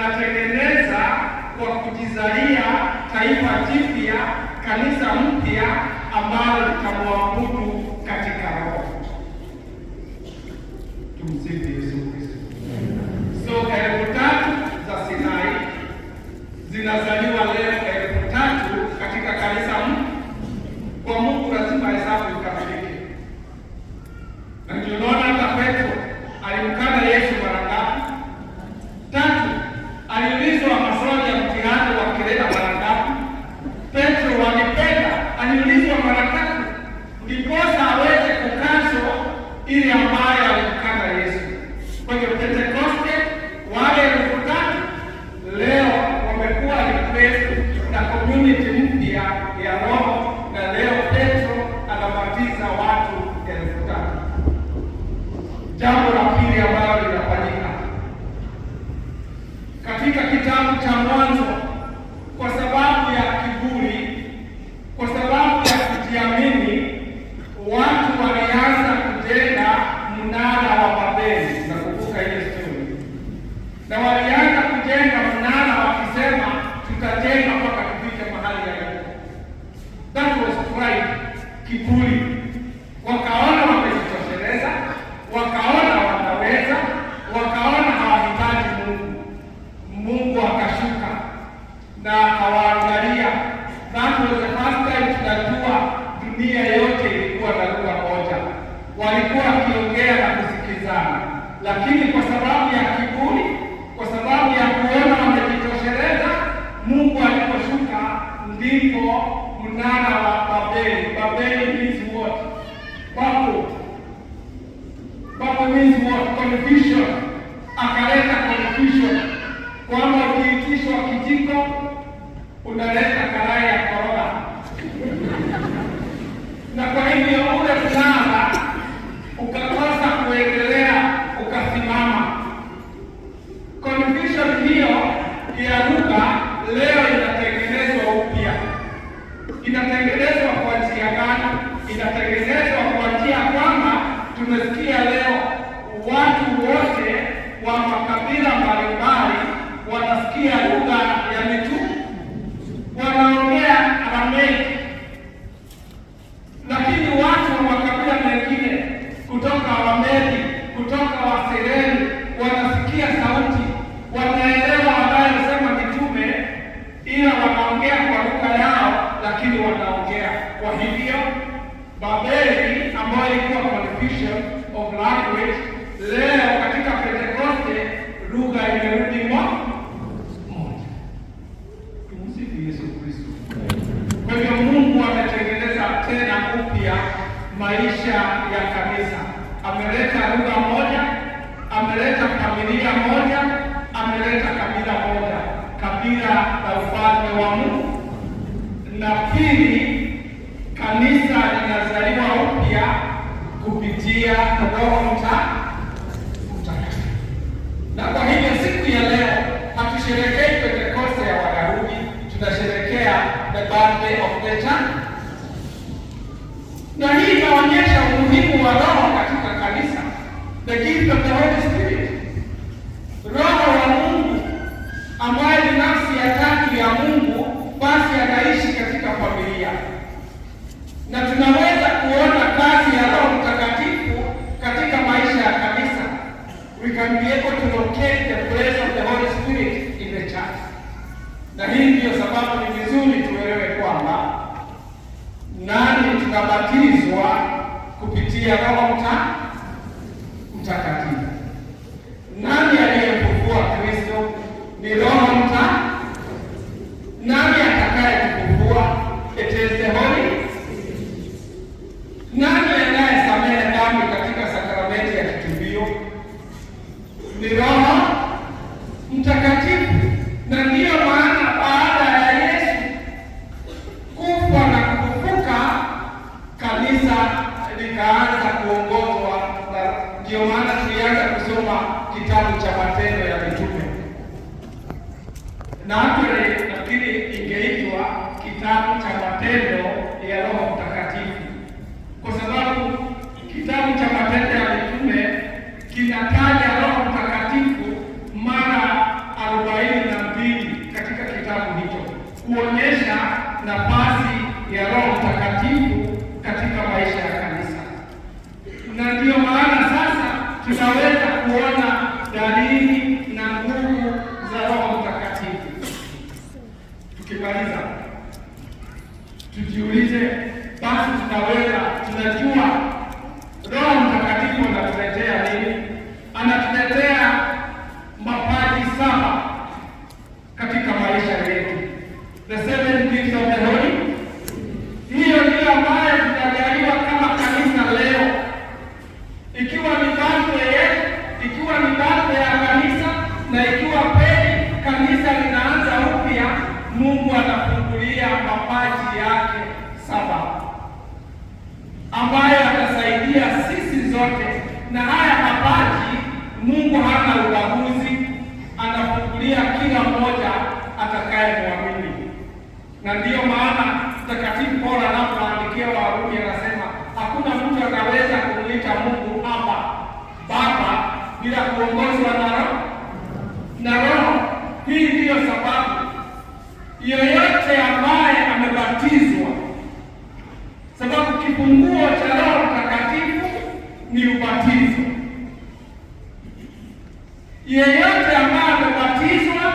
anatengeneza kwa kujizalia taifa jipya, kanisa mpya ambalo litamwabudu katika roho. ndiposa aweze kukazwa ili ambayo alimkana Yesu kwenye Pentekoste. Wale elfu tatu leo wamekuwa replaced na community mpya ya Roho, na leo Petro anabatiza watu elfu tatu. Jambo la pili ambalo akasema tutajenga mpaka tufike mahali ya Mungu. That was pride, kiburi. Wakaona wamejitosheleza, wakaona wataweza, wakaona hawahitaji Mungu. Mungu akashuka na ndipo mnara wa Babeli. Babeli means what? Babu. Babu means what? Confusion. Akaleta confusion kwamba ukiitishwa kijiko unaleta karaya ya leo watu wote wa makabila mbalimbali wanasikia lugha ya mitu, wanaongea Aramaic, lakini watu wa makabila mengine kutoka wameli kutoka Wasereni wana lakini kanisa linazaliwa upya kupitia Roho Mtakatifu. Na kwa hivyo siku ya leo hatusherekei Pentekoste ya Wayahudi, tunasherekea the birthday of the church, na hii inaonyesha umuhimu wa Roho katika kanisa, the gift of the Holy Spirit. కానీ ఏ tunaweza kuona dalili Mungu anafungulia mapaji yake saba ambayo atasaidia sisi zote, na haya mapaji Mungu hana ubaguzi, anafungulia kila mmoja atakaye atakayemwamini, na ndiyo maana Mtakatifu Paulo anapoandikia Warumi anasema hakuna mtu anaweza kumwita Mungu Aba Baba bila kuongozwa na Roho na Roho. Hii ndiyo sababu yoyote ambaye amebatizwa, sababu kifunguo cha Roho Mtakatifu ni ubatizo. Yeyote ambaye amebatizwa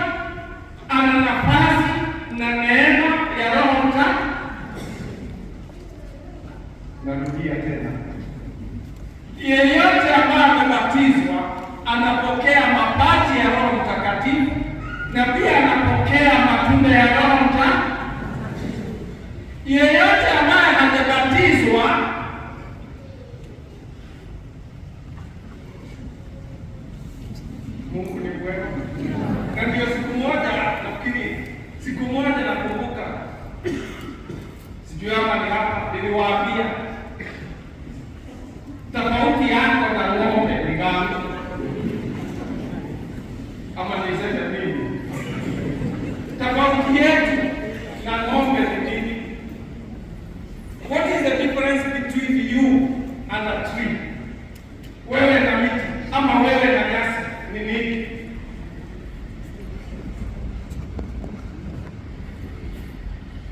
ana nafasi na neema ya Roho Mtakatifu. Narudia tena, yeyote ambaye amebatizwa anapo mungu ni mwema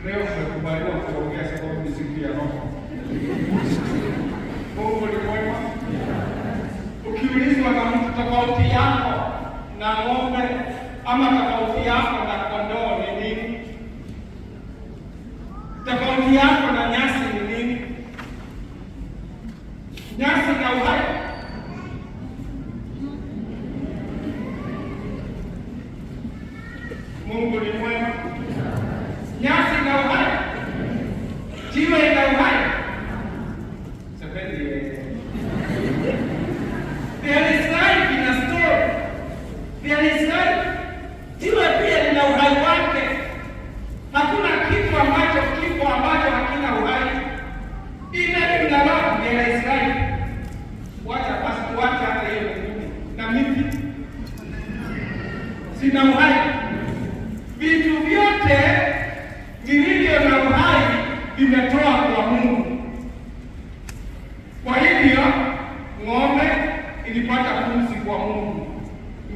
leo umekubaliwa kuongea sababu ni siku ya Roho. Mungu ni mwema. Ukiulizwa na mtu tofauti yako na ng'ombe ama tofauti yako na kondoo ni nini? Tofauti yako na nyasi ni nini? Nyasi na uhai zina uhai. Vitu vyote vilivyo na uhai vimetoa kwa Mungu. Kwa hivyo ng'ombe ilipata pumzi kwa Mungu,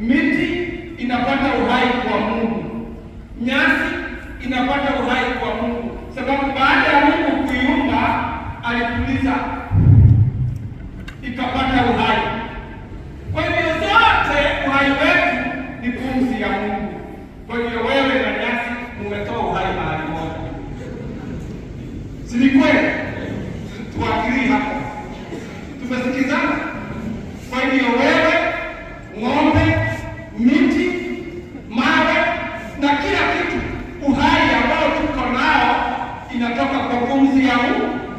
miti inapata uhai kwa Mungu, nyasi inapata uhai tumesikizana